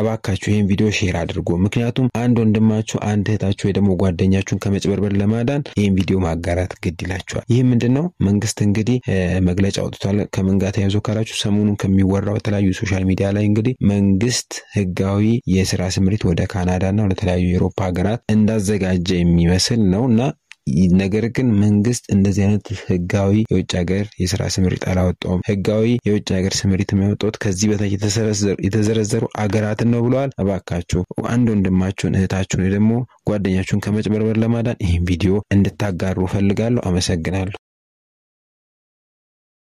እባካችሁ ይህን ቪዲዮ ሼር አድርጎ ምክንያቱም አንድ ወንድማችሁ አንድ እህታችሁ ወይ ደግሞ ጓደኛችሁን ከመጭበርበር ለማዳን ይህን ቪዲዮ ማጋራት ግድ ይላችኋል። ይህ ምንድን ነው? መንግስት እንግዲህ መግለጫ አውጥቷል። ከምን ጋር ተያይዞ ካላችሁ ሰሞኑን ከሚወራው የተለያዩ ሶሻል ሚዲያ ላይ እንግዲህ መንግስት ህጋዊ የስራ ስምሪት ወደ ካናዳ እና ወደ የአውሮፓ ሀገራት እንዳዘጋጀ የሚመስል ነው እና ነገር ግን መንግስት እንደዚህ አይነት ህጋዊ የውጭ ሀገር የስራ ስምሪት አላወጣውም። ህጋዊ የውጭ ሀገር ስምሪት የሚያወጣት ከዚህ በታች የተዘረዘሩ አገራትን ነው ብለዋል። እባካችሁ አንድ ወንድማችሁን እህታችሁን ደግሞ ጓደኛችሁን ከመጭበርበር ለማዳን ይህን ቪዲዮ እንድታጋሩ እፈልጋለሁ። አመሰግናለሁ።